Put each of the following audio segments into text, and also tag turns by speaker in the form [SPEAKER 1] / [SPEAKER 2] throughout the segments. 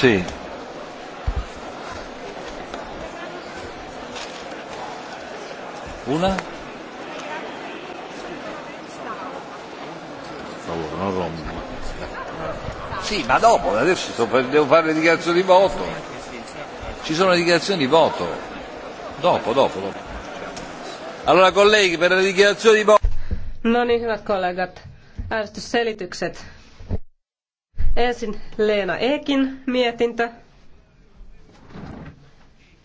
[SPEAKER 1] Sí. Una? Favore, non
[SPEAKER 2] rompo. Sì, ma dopo,
[SPEAKER 1] adesso sto per, devo fare le dichiarazioni di voto. Ci sono le dichiarazioni di voto. Dopo, dopo, dopo. Allora colleghi, per le dichiarazioni di voto.
[SPEAKER 3] No niin, hyvät kollegat. Äänestysselitykset. Ensin Leena Ekin mietintö.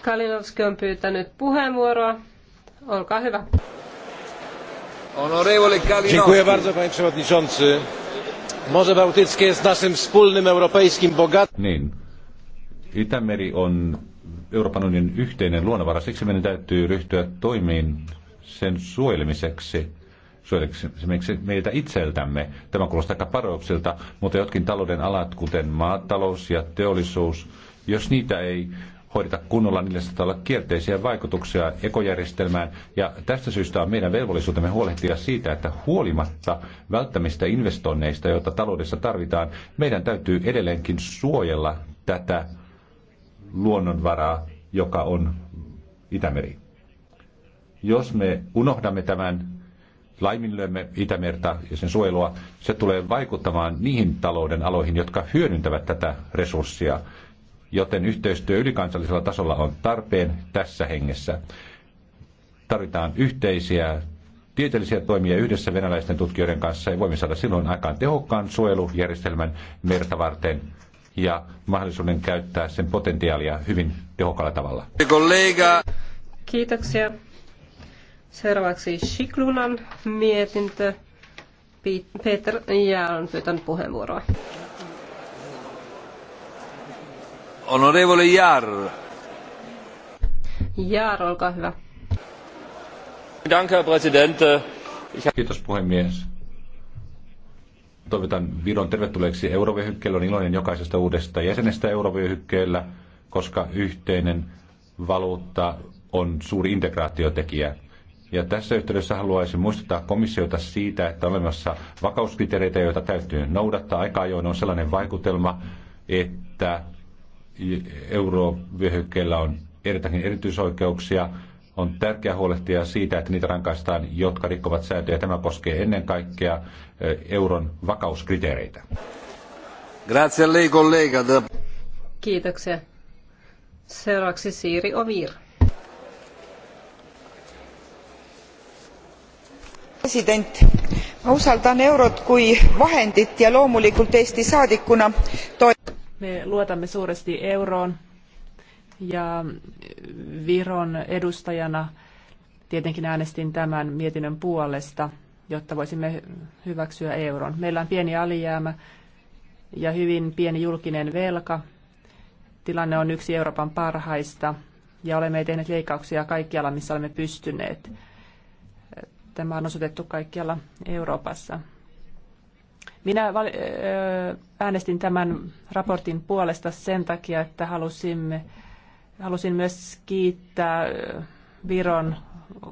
[SPEAKER 3] Kalinowski on pyytänyt puheenvuoroa. Olkaa
[SPEAKER 2] hyvä.
[SPEAKER 1] Honorevole Kalinowski. Dziękuję bardzo, panie przewodniczący. Morze Bałtyckie jest naszym wspólnym europejskim bogactwem. Niin. Itämeri on Euroopan unionin yhteinen luonnonvara, siksi meidän täytyy ryhtyä toimiin sen suojelemiseksi esimerkiksi meiltä itseltämme. Tämä kuulostaa aika paroksilta, mutta jotkin talouden alat, kuten maatalous ja teollisuus, jos niitä ei hoideta kunnolla, niillä saattaa olla kielteisiä vaikutuksia ekojärjestelmään. Ja tästä syystä on meidän velvollisuutemme huolehtia siitä, että huolimatta välttämistä investoinneista, joita taloudessa tarvitaan, meidän täytyy edelleenkin suojella tätä luonnonvaraa, joka on Itämeri. Jos me unohdamme tämän, laiminlyömme Itämerta ja sen suojelua, se tulee vaikuttamaan niihin talouden aloihin, jotka hyödyntävät tätä resurssia, joten yhteistyö ylikansallisella tasolla on tarpeen tässä hengessä. Tarvitaan yhteisiä tieteellisiä toimia yhdessä venäläisten tutkijoiden kanssa ja voimme saada silloin aikaan tehokkaan suojelujärjestelmän merta varten ja mahdollisuuden käyttää sen potentiaalia hyvin tehokkaalla tavalla. Kollega.
[SPEAKER 3] Kiitoksia Seuraavaksi Shiklunan mietintö. Peter Jää on pyytänyt puheenvuoroa.
[SPEAKER 1] Honorevole Jaar.
[SPEAKER 3] Jaar, olkaa hyvä.
[SPEAKER 1] Danke, president. Kiitos puhemies. Toivotan Viron tervetulleeksi eurovyöhykkeelle. On iloinen jokaisesta uudesta jäsenestä eurovyöhykkeellä, koska yhteinen valuutta on suuri integraatiotekijä. Ja tässä yhteydessä haluaisin muistuttaa komissiota siitä, että olemassa vakauskriteereitä, joita täytyy noudattaa. Aika ajoin on sellainen vaikutelma, että eurovyöhykkeellä on erittäin erityisoikeuksia. On tärkeää huolehtia siitä, että niitä rankaistaan, jotka rikkovat sääntöjä. Tämä koskee ennen kaikkea eh, euron vakauskriteereitä. Grazie lei, collega.
[SPEAKER 3] Kiitoksia. Seuraavaksi Siiri Ovir.
[SPEAKER 2] ma usaldan eurot kui vahendit ja loomulikult eesti saadikuna me luotamme suuresti euroon ja viron edustajana tietenkin äänestin tämän mietinnön puolesta jotta voisimme hyväksyä euron. Meillä on pieni alijäämä ja hyvin pieni julkinen velka. Tilanne on yksi Euroopan parhaista ja olemme tehneet leikkauksia kaikkialla, missä olemme pystyneet. Tämä on osoitettu kaikkialla Euroopassa. Minä äänestin tämän raportin puolesta sen takia, että halusimme, halusin myös kiittää Viron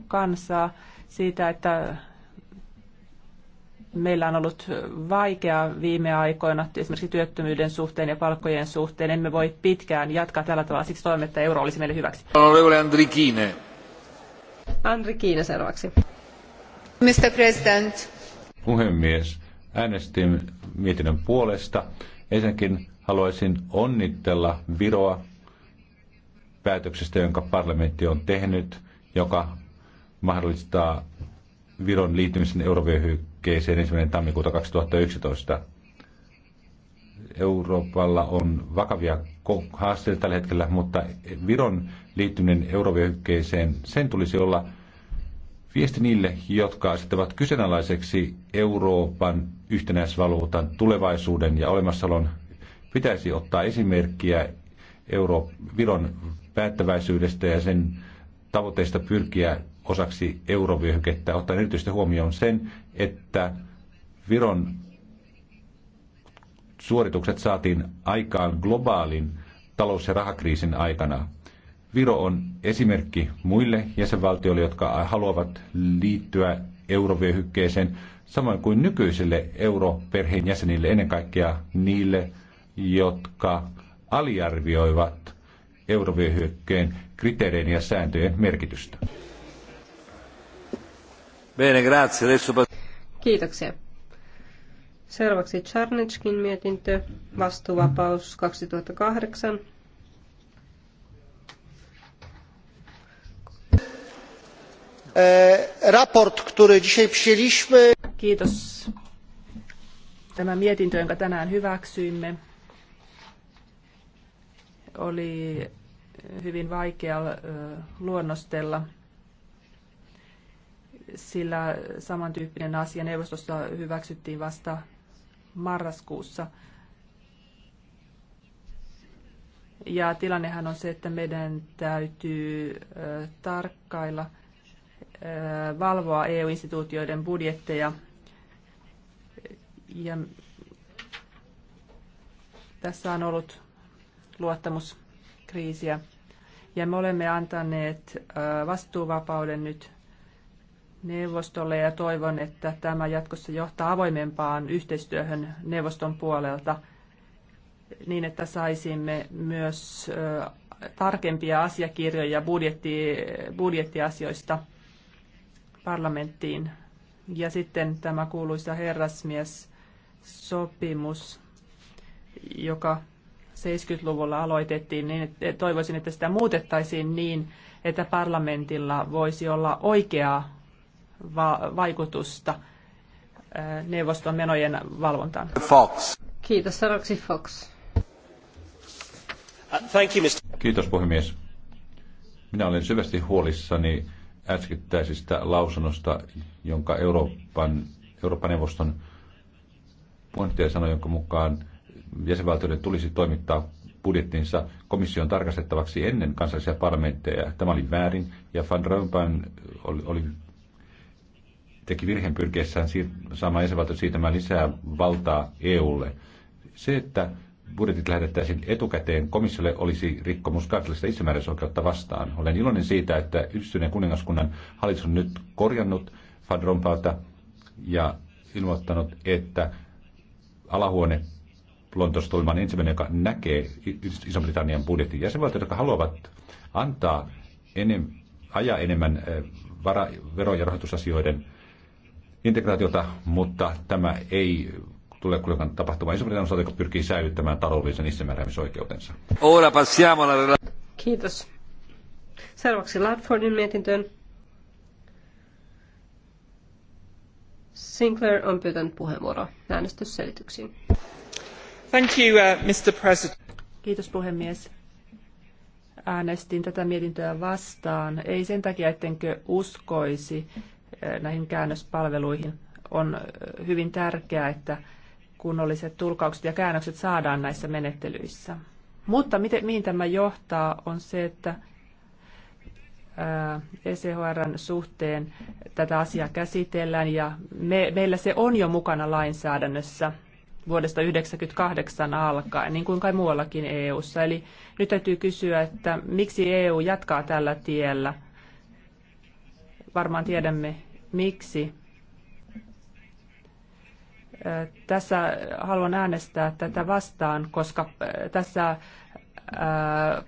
[SPEAKER 2] kansaa siitä, että meillä on ollut vaikeaa viime aikoina esimerkiksi työttömyyden suhteen ja palkkojen suhteen. Emme voi pitkään jatkaa tällä tavalla, siksi toimme, että euro olisi meille hyväksi.
[SPEAKER 1] Andri Kiine.
[SPEAKER 2] Andri Kiine seuraavaksi. Mr. President.
[SPEAKER 1] Puhemies, äänestin mietinnön puolesta. Ensinnäkin haluaisin onnitella Viroa päätöksestä, jonka parlamentti on tehnyt, joka mahdollistaa Viron liittymisen eurovyöhykkeeseen 1. tammikuuta 2011. Euroopalla on vakavia haasteita tällä hetkellä, mutta Viron liittyminen eurovyöhykkeeseen, sen tulisi olla – viesti niille, jotka asettavat kyseenalaiseksi Euroopan yhtenäisvaluutan tulevaisuuden ja olemassaolon, pitäisi ottaa esimerkkiä Euro Viron päättäväisyydestä ja sen tavoitteista pyrkiä osaksi eurovyöhykettä, ottaen erityisesti huomioon sen, että Viron suoritukset saatiin aikaan globaalin talous- ja rahakriisin aikana. Viro on esimerkki muille jäsenvaltioille, jotka haluavat liittyä eurovyöhykkeeseen, samoin kuin nykyisille europerheen jäsenille, ennen kaikkea niille, jotka aliarvioivat eurovyöhykkeen kriteereiden ja sääntöjen merkitystä.
[SPEAKER 3] Kiitoksia. Seuraavaksi Charnetskin mietintö, vastuuvapaus 2008.
[SPEAKER 2] E, raport, który dzisiaj przyjęliśmy. Kiitos. Tämä mietintö, jonka tänään hyväksyimme, oli hyvin vaikea luonnostella, sillä samantyyppinen asia neuvostossa hyväksyttiin vasta marraskuussa. Ja tilannehan on se, että meidän täytyy tarkkailla – valvoa EU-instituutioiden budjetteja. Ja tässä on ollut luottamuskriisiä. Ja me olemme antaneet vastuuvapauden nyt neuvostolle ja toivon, että tämä jatkossa johtaa avoimempaan yhteistyöhön neuvoston puolelta niin, että saisimme myös tarkempia asiakirjoja budjetti, budjettiasioista – parlamenttiin. Ja sitten tämä kuuluisa herrasmies-sopimus, joka 70-luvulla aloitettiin, niin toivoisin, että sitä muutettaisiin niin, että parlamentilla voisi olla oikeaa va- vaikutusta äh, neuvoston menojen valvontaan. Fox. Kiitos, Saroksi Fox. Uh,
[SPEAKER 1] thank you, Mr. Kiitos, puhemies. Minä olen syvästi huolissani äskettäisestä lausunnosta, jonka Euroopan, Euroopan neuvoston puheenjohtaja sanoi, jonka mukaan jäsenvaltioiden tulisi toimittaa budjettinsa komission tarkastettavaksi ennen kansallisia parlamentteja. Tämä oli väärin, ja Van Rompuyn oli, oli, teki virheen pyrkiessään siir- saamaan jäsenvaltiot siirtämään lisää valtaa EUlle. Se, että budjetit lähetettäisiin etukäteen komissiolle, olisi rikkomus kansallista itsemääräysoikeutta vastaan. Olen iloinen siitä, että yhdistyneen kuningaskunnan hallitus on nyt korjannut Fadrompalta ja ilmoittanut, että alahuone Lontoosta tulemaan ensimmäinen, joka näkee Iso-Britannian budjetin. Jäsenvaltiot, jotka haluavat antaa enem, ajaa enemmän eh, vara, vero- ja rahoitusasioiden integraatiota, mutta tämä ei tulee kuitenkaan tapahtumaan. Iso-Britannian osalta, joka pyrkii säilyttämään taloudellisen itsemääräämisoikeutensa. Ora
[SPEAKER 3] Kiitos. Seuraavaksi Ladfordin mietintöön. Sinclair on pyytänyt puheenvuoroa äänestysselityksiin.
[SPEAKER 2] Thank you, uh, Mr. President. Kiitos puhemies. Äänestin tätä mietintöä vastaan. Ei sen takia, ettenkö uskoisi eh, näihin käännöspalveluihin. On eh, hyvin tärkeää, että kunnolliset tulkaukset ja käännökset saadaan näissä menettelyissä. Mutta miten, mihin tämä johtaa on se, että ECHRn suhteen tätä asiaa käsitellään ja me, meillä se on jo mukana lainsäädännössä vuodesta 1998 alkaen, niin kuin kai muuallakin EU:ssa. Eli nyt täytyy kysyä, että miksi EU jatkaa tällä tiellä. Varmaan tiedämme miksi. Tässä haluan äänestää tätä vastaan, koska tässä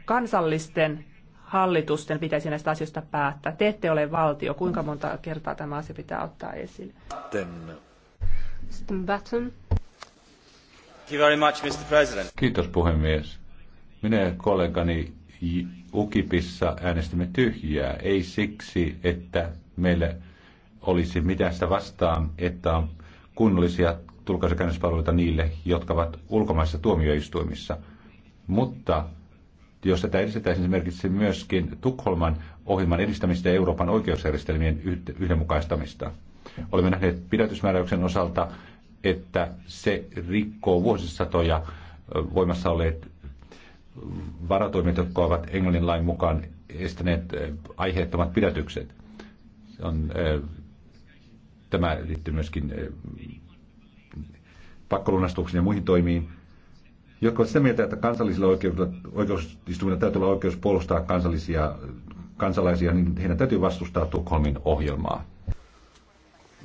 [SPEAKER 2] kansallisten hallitusten pitäisi näistä asioista päättää. Te ette ole valtio. Kuinka monta kertaa tämä asia pitää ottaa esille? Sitten Batten.
[SPEAKER 1] Kiitos puhemies. Minä ja kollegani UKIPissa äänestimme tyhjää, ei siksi, että meillä olisi mitään sitä vastaan, että on kunnollisia tulkaisukäännöspalveluita niille, jotka ovat ulkomaissa tuomioistuimissa. Mutta jos tätä edistettäisiin, se merkitsisi myöskin Tukholman ohjelman edistämistä ja Euroopan oikeusjärjestelmien yhdenmukaistamista. Olemme nähneet pidätysmääräyksen osalta, että se rikkoo vuosisatoja voimassa olleet varatoimet, jotka ovat Englannin lain mukaan estäneet eh, aiheettomat pidätykset. Se on eh, Tämä liittyy myöskin eh, pakkolunastuksiin ja muihin toimiin, jotka ovat sitä mieltä, että kansallisilla oikeusistuimilla täytyy olla oikeus puolustaa kansallisia kansalaisia, niin heidän täytyy vastustaa Tukholmin ohjelmaa.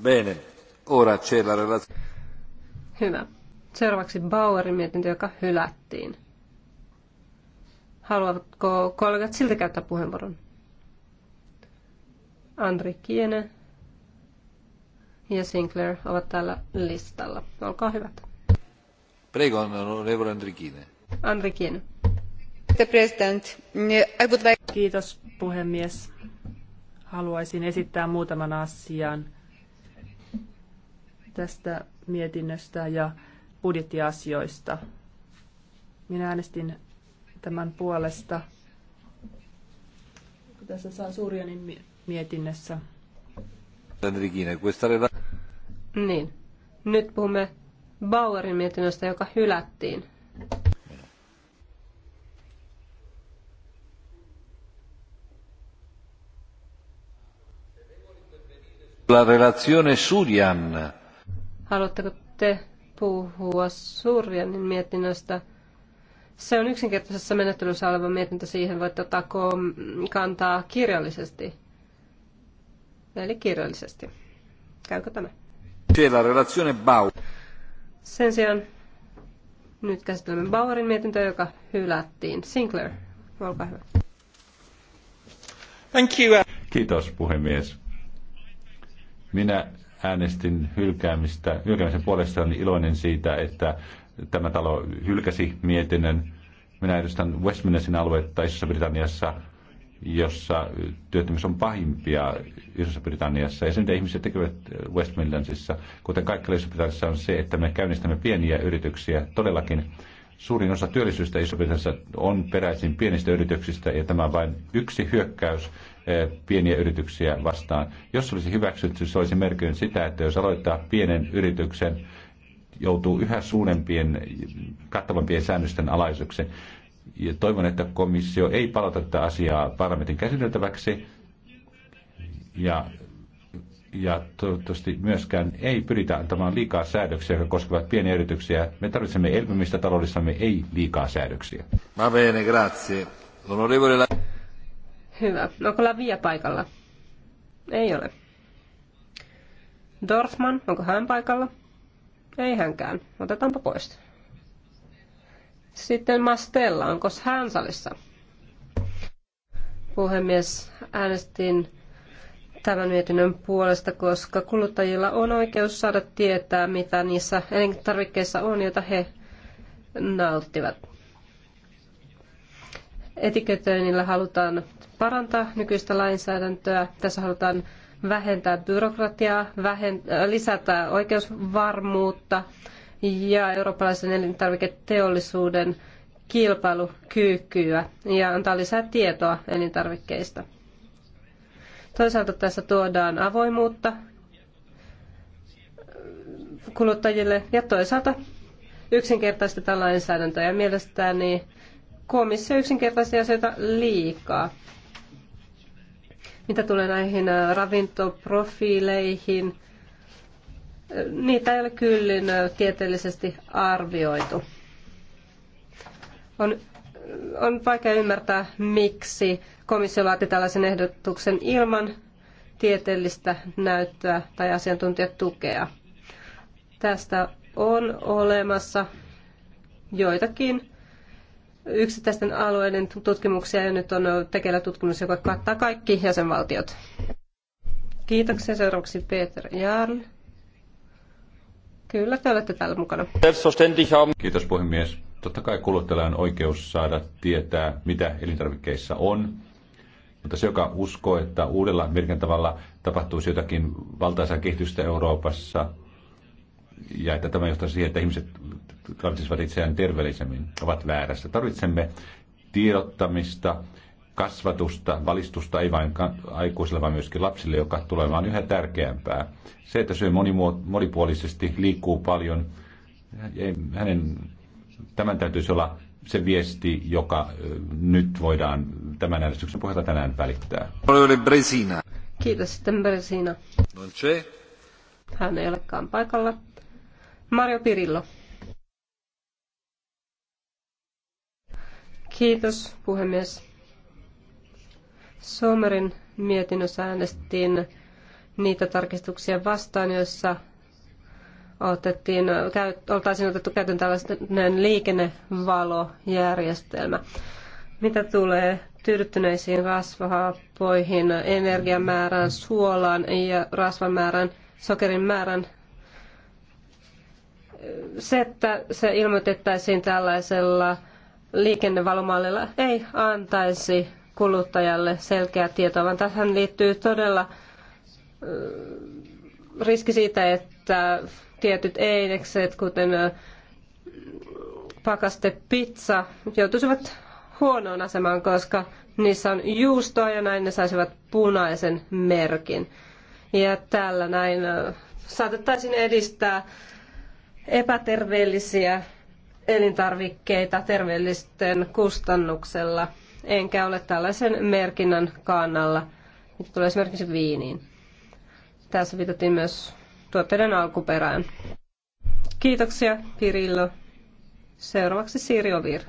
[SPEAKER 1] Bene. Ora c'è la
[SPEAKER 3] Hyvä. Seuraavaksi Bauerin mietintö, joka hylättiin. Haluatko kollegat siltä käyttää puheenvuoron? Andri Kiene ja Sinclair ovat täällä listalla. Olkaa hyvät.
[SPEAKER 1] Prego, onorevole Andrikine.
[SPEAKER 2] Andrikine. Kiitos puhemies. Haluaisin esittää muutaman asian tästä mietinnöstä ja budjettiasioista. Minä äänestin tämän puolesta tässä saa Suurianin mietinnössä.
[SPEAKER 1] Andrikine, questa
[SPEAKER 3] niin. Nyt puhumme Bauerin mietinnöstä, joka hylättiin.
[SPEAKER 1] La relazione Surian.
[SPEAKER 3] Haluatteko te puhua Surjanin mietinnöstä? Se on yksinkertaisessa menettelyssä oleva mietintö. Siihen voitte ottaa kantaa kirjallisesti. Eli kirjallisesti. Käykö tämä? Sen sijaan nyt käsittelemme Bauerin mietintöä, joka hylättiin. Sinclair, olkaa hyvä.
[SPEAKER 1] Thank you. Kiitos puhemies. Minä äänestin hylkäämistä, hylkäämisen puolesta on iloinen siitä, että tämä talo hylkäsi mietinnön. Minä edustan Westminsterin aluetta Isossa-Britanniassa, jossa työttömyys on pahimpia Isossa Britanniassa. Ja se, mitä ihmiset tekevät West Midlandsissa, kuten kaikki Isossa Britanniassa, on se, että me käynnistämme pieniä yrityksiä. Todellakin suurin osa työllisyystä iso on peräisin pienistä yrityksistä, ja tämä on vain yksi hyökkäys eh, pieniä yrityksiä vastaan. Jos olisi hyväksytty, se olisi merkinyt sitä, että jos aloittaa pienen yrityksen, joutuu yhä suurempien, kattavampien säännösten alaiseksi. Ja toivon, että komissio ei palauta tätä asiaa parlamentin käsiteltäväksi. Ja, ja toivottavasti myöskään ei pyritä antamaan liikaa säädöksiä, jotka koskevat pieniä yrityksiä. Me tarvitsemme elpymistä taloudessamme, ei liikaa säädöksiä. Va bene, grazie. Onorevole...
[SPEAKER 3] Hyvä. Onko Lavia paikalla? Ei ole. Dorfman, onko hän paikalla? Ei hänkään. Otetaanpa pois. Sitten Mastella, onko hän salissa? Puhemies, äänestin tämän mietinnön puolesta, koska kuluttajilla on oikeus saada tietää, mitä niissä elintarvikkeissa on, joita he nauttivat. Etiketöinnillä halutaan parantaa nykyistä lainsäädäntöä. Tässä halutaan vähentää byrokratiaa, vähentää, lisätä oikeusvarmuutta ja eurooppalaisen elintarviketeollisuuden kilpailukykyä ja antaa lisää tietoa elintarvikkeista. Toisaalta tässä tuodaan avoimuutta kuluttajille ja toisaalta yksinkertaistetaan lainsäädäntöä ja mielestäni komissio yksinkertaisesti asioita liikaa. Mitä tulee näihin ravintoprofiileihin, niitä ei ole kyllin tieteellisesti arvioitu. On, on vaikea ymmärtää, miksi komissio laati tällaisen ehdotuksen ilman tieteellistä näyttöä tai asiantuntijatukea. Tästä on olemassa joitakin yksittäisten alueiden tutkimuksia ja nyt on tekeillä tutkimus, joka kattaa kaikki jäsenvaltiot. Kiitoksia seuraavaksi Peter Jarl. Kyllä, te olette täällä mukana.
[SPEAKER 1] Kiitos puhemies. Totta kai kuluttajalla on oikeus saada tietää, mitä elintarvikkeissa on. Mutta se, joka uskoo, että uudella merkintävalla tapahtuisi jotakin valtaisaa kehitystä Euroopassa, ja että tämä johtaa siihen, että ihmiset tarvitsisivat itseään terveellisemmin, ovat väärässä. Tarvitsemme tiedottamista, kasvatusta, valistusta ei vain aikuisille, vaan myöskin lapsille, joka tulee vaan yhä tärkeämpää. Se, että syö monipuolisesti, liikkuu paljon, hänen, tämän täytyisi olla se viesti, joka nyt voidaan tämän äänestyksen pohjalta tänään välittää.
[SPEAKER 3] Kiitos sitten Bresina. Hän ei olekaan paikalla. Mario Pirillo. Kiitos puhemies. Sommerin mietinnössä äänestettiin niitä tarkistuksia vastaan, joissa otettiin, oltaisiin otettu käytön tällainen liikennevalojärjestelmä. Mitä tulee tyydyttyneisiin rasvahappoihin, energiamäärään, suolaan ja rasvamäärän, sokerin määrän, se, että se ilmoitettaisiin tällaisella liikennevalomallilla, ei antaisi kuluttajalle selkeää tietoa, vaan tähän liittyy todella riski siitä, että tietyt einekset, kuten pakaste pizza, joutuisivat huonoon asemaan, koska niissä on juustoa ja näin ne saisivat punaisen merkin. Ja tällä näin saatettaisiin edistää epäterveellisiä elintarvikkeita terveellisten kustannuksella enkä ole tällaisen merkinnän kannalla, mitä tulee esimerkiksi viiniin. Tässä viitattiin myös tuotteiden alkuperään. Kiitoksia, Pirillo. Seuraavaksi Siriovir.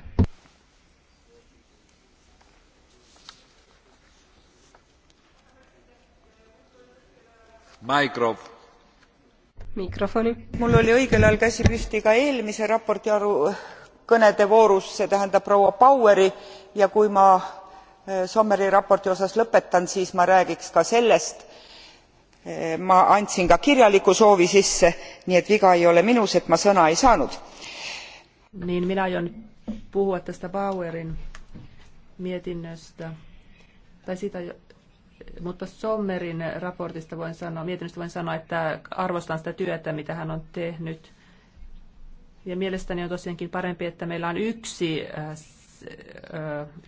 [SPEAKER 1] Mikrofoni.
[SPEAKER 2] Mikrofoni. Mulla oli oikealla käsi pysti ka eelmise raportti aru kõnede voorus see tähendab proua baueri ja kui ma eh, sommeri raporti osas lõpetan siis ma räägiks ka sellest eh, ma andsin ka kirjaliku soovi sisse nii et viga ei ole minus et ma sõna ei saanut. niin minä aion puhua tästä Bauerin mietinnöstä, tai sitä, mutta Sommerin raportista voin sanoa, mietinnöstä voin sanoa, että arvostan sitä työtä, mitä hän on tehnyt. Ja mielestäni on tosiaankin parempi, että meillä on yksi, äh, äh,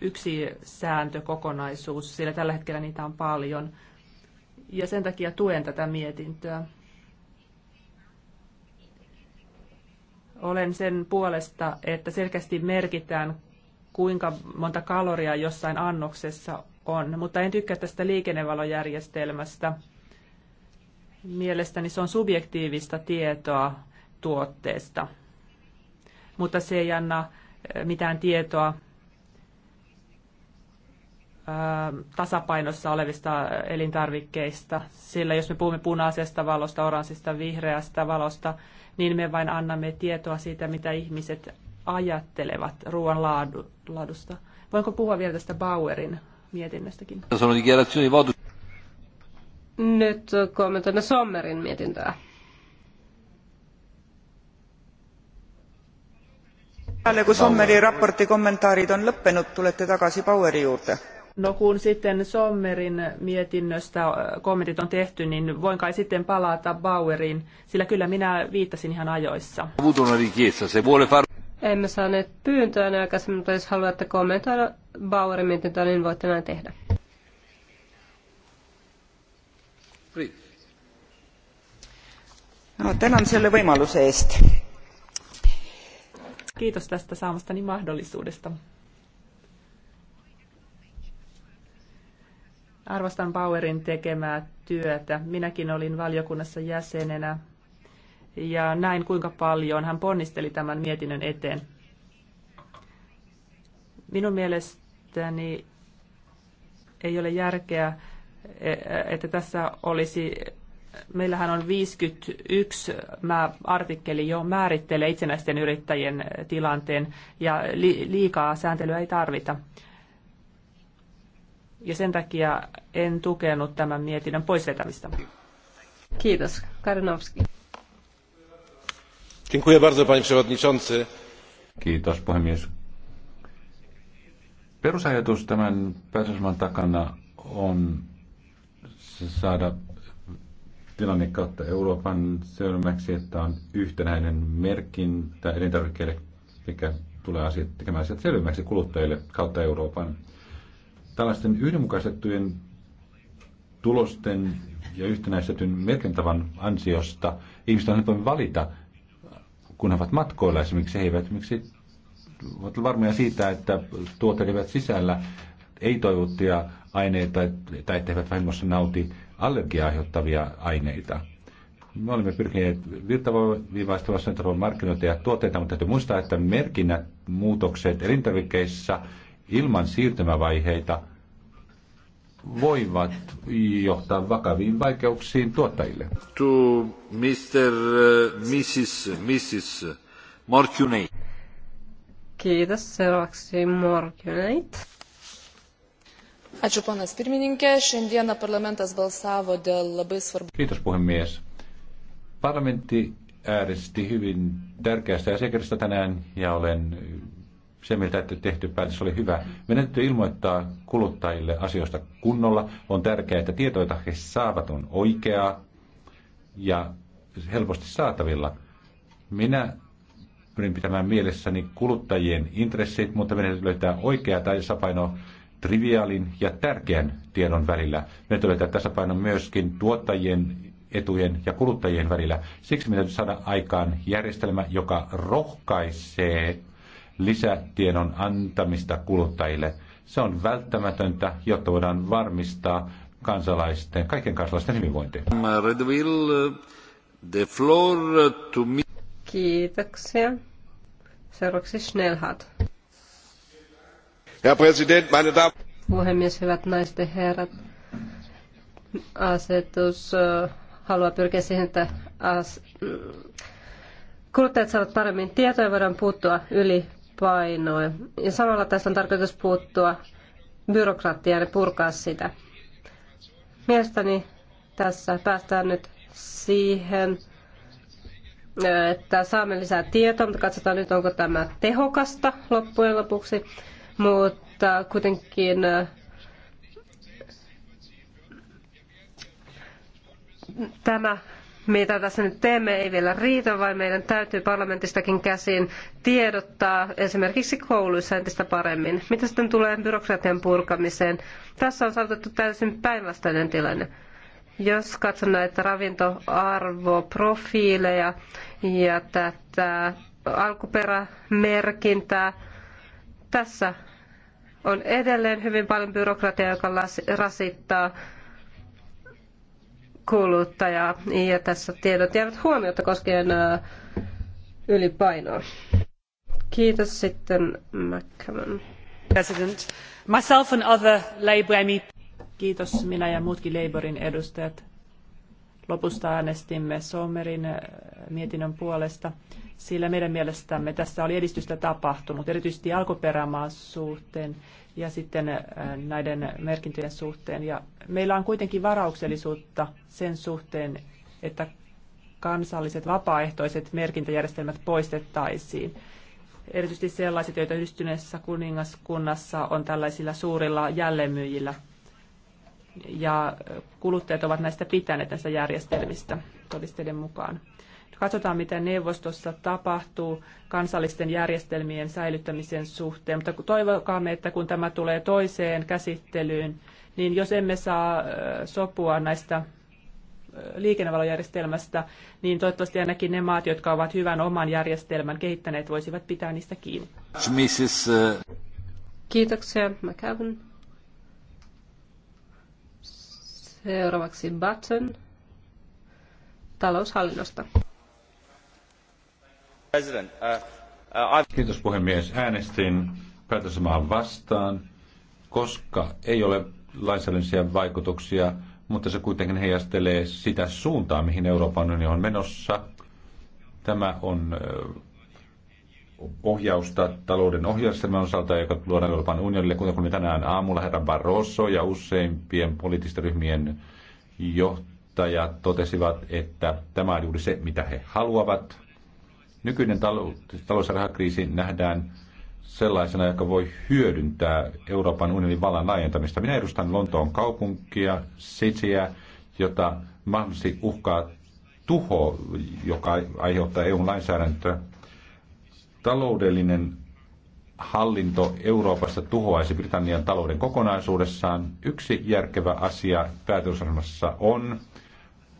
[SPEAKER 2] yksi sääntökokonaisuus, sillä tällä hetkellä niitä on paljon. Ja sen takia tuen tätä mietintöä. Olen sen puolesta, että selkeästi merkitään, kuinka monta kaloria jossain annoksessa on, mutta en tykkää tästä liikennevalojärjestelmästä. Mielestäni se on subjektiivista tietoa tuotteesta mutta se ei anna eh, mitään tietoa eh, tasapainossa olevista elintarvikkeista. Sillä jos me puhumme punaisesta valosta, oranssista, vihreästä valosta, niin me vain annamme tietoa siitä, mitä ihmiset ajattelevat ruoan laadusta. Voinko puhua vielä tästä Bauerin mietinnöstäkin? Nyt
[SPEAKER 3] kommentoimme Sommerin mietintöä.
[SPEAKER 2] peale kun sommeri raportti kommentaarid on lõppenud tulette tagasi baueri juurde. no kun sitten sommerin mietinnöstä äh, kommentit on tehty niin voin kai sitten palata baueriin sillä kyllä minä viittasin ihan ajoissa. emme saaneet pyyntöä niin aikaisemmin mutta jos haluatte kommentoida bauerin mietintöä
[SPEAKER 3] niin voitte näin tehdä. No, tänan selle võimaluse eest
[SPEAKER 2] Kiitos tästä saamastani mahdollisuudesta. Arvostan Bauerin tekemää työtä. Minäkin olin valiokunnassa jäsenenä ja näin kuinka paljon hän ponnisteli tämän mietinnön eteen. Minun mielestäni ei ole järkeä, e- e- että tässä olisi meillähän on 51 artikkeli jo määrittelee itsenäisten yrittäjien eh, tilanteen ja liikaa sääntelyä ei tarvita. Ja sen takia en tukenut tämän mietinnön poisvetämistä. Kiitos. Karinowski.
[SPEAKER 1] Dziękuję bardzo, panie przewodniczący. Kiitos, puhemies. Perusajatus tämän päätösman takana on saada tilanne kautta Euroopan selväksi, että on yhtenäinen merkintä elintarvikkeille, mikä tulee asiat, tekemään asiat selvemmäksi kuluttajille kautta Euroopan. Tällaisten yhdenmukaistettujen tulosten ja yhtenäistetyn merkintävan ansiosta ihmiset on helpompi valita, kun he ovat matkoilla esimerkiksi, he eivät miksi ovat varmoja siitä, että tuotteet eivät sisällä ei-toivottuja aineita tai etteivät vahingossa nauti allergiaa aiheuttavia aineita. Me olemme pyrkineet virtavoivaistavassa markkinoita ja tuotteita, mutta täytyy muistaa, että merkinnät muutokset elintarvikkeissa ilman siirtymävaiheita voivat johtaa vakaviin vaikeuksiin tuottajille. To Mr. Uh, Mrs. Mrs. Morkunate.
[SPEAKER 3] Kiitos. Seuraavaksi Morkunate. Šiandieną parlamentas balsavo dėl labai svarbu...
[SPEAKER 1] Kiitos puhemies. Parlamentti äänesti hyvin tärkeästä asiakirjasta tänään ja olen se, mitä että tehty päätös oli hyvä. Meidän täytyy ilmoittaa kuluttajille asioista kunnolla. On tärkeää, että tieto, jota he saavat, on oikeaa ja helposti saatavilla. Minä pyrin pitämään mielessäni kuluttajien intressit, mutta meidän löytää oikea tai tasapaino triviaalin ja tärkeän tiedon välillä. Me löydetään tasapaino myöskin tuottajien etujen ja kuluttajien välillä. Siksi meidän täytyy saada aikaan järjestelmä, joka rohkaisee lisätiedon antamista kuluttajille. Se on välttämätöntä, jotta voidaan varmistaa kansalaisten, kaiken kansalaisten hyvinvointi. Redville, the floor to me.
[SPEAKER 3] Kiitoksia. Seuraavaksi Schnellhardt. Puhemies, hyvät naiset ja herrat. Asetus äh, haluaa pyrkiä siihen, että kuluttajat saavat paremmin tietoa ja voidaan puuttua ylipainoon. Ja samalla tässä on tarkoitus puuttua byrokratiaan ja purkaa sitä. Mielestäni tässä päästään nyt siihen, äh, että saamme lisää tietoa, mutta katsotaan nyt, onko tämä tehokasta loppujen lopuksi mutta kuitenkin äh, tämä, mitä tässä nyt teemme, ei vielä riitä, vaan meidän täytyy parlamentistakin käsin tiedottaa esimerkiksi kouluissa entistä paremmin. Mitä sitten tulee byrokratian purkamiseen? Tässä on saavutettu täysin päinvastainen tilanne. Jos katson näitä ravintoarvoprofiileja ja tätä alkuperämerkintää, tässä on edelleen hyvin paljon byrokratiaa, joka rasittaa kuluttajaa. Ja tässä tiedot jäävät huomiota koskien ylipainoa. Kiitos sitten McCammon.
[SPEAKER 2] President, myself and other Labour MEP. Kiitos minä ja muutkin Labourin edustajat lopusta äänestimme Sommerin äh, mietinnön puolesta, sillä meidän mielestämme tässä oli edistystä tapahtunut, erityisesti alkuperämaan suhteen ja sitten äh, näiden merkintöjen suhteen. Ja meillä on kuitenkin varauksellisuutta sen suhteen, että kansalliset vapaaehtoiset merkintäjärjestelmät poistettaisiin. Erityisesti sellaiset, joita yhdistyneessä kuningaskunnassa on tällaisilla suurilla jälleenmyyjillä ja kuluttajat ovat näistä pitäneet näistä järjestelmistä todisteiden mukaan. Katsotaan, mitä neuvostossa tapahtuu kansallisten järjestelmien säilyttämisen suhteen, mutta toivokaamme, että kun tämä tulee toiseen käsittelyyn, niin jos emme saa sopua näistä liikennevalojärjestelmästä, niin toivottavasti ainakin ne maat, jotka ovat hyvän oman järjestelmän kehittäneet, voisivat pitää niistä kiinni.
[SPEAKER 1] Uh,
[SPEAKER 2] Kiitoksia, käyn.
[SPEAKER 3] Seuraavaksi Button taloushallinnosta. Uh,
[SPEAKER 1] uh, Kiitos puhemies. Äänestin päätösmaan vastaan, koska ei ole lainsäädännöllisiä vaikutuksia, mutta se kuitenkin heijastelee sitä suuntaa, mihin Euroopan unioni on menossa. Tämä on uh, ohjausta talouden ohjausjärjestelmän osalta, joka luodaan Euroopan unionille, kuten kuulimme tänään aamulla herra Barroso ja useimpien poliittisten ryhmien johtajat totesivat, että tämä on juuri se, mitä he haluavat. Nykyinen talous- ja rahakriisi nähdään sellaisena, joka voi hyödyntää Euroopan unionin vallan laajentamista. Minä edustan Lontoon kaupunkia, Sitsiä, jota mahdollisesti uhkaa tuho, joka aiheuttaa EUn lainsäädäntö Taloudellinen hallinto Euroopassa tuhoaisi Britannian talouden kokonaisuudessaan. Yksi järkevä asia päätösasemassa on,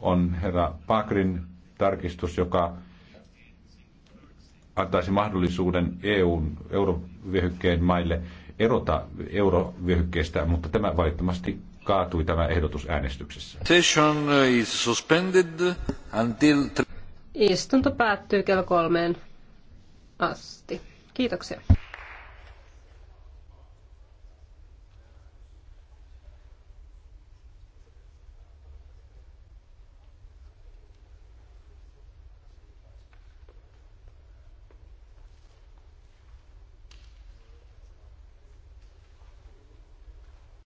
[SPEAKER 1] on herra Pakrin tarkistus, joka antaisi mahdollisuuden EUn eurovyöhykkeen maille erota eurovyöhykkeestä, mutta tämä valitettavasti kaatui tämä ehdotus äänestyksessä. Session is suspended until...
[SPEAKER 3] Istunto päättyy kello kolmeen asti. Kiitoksia.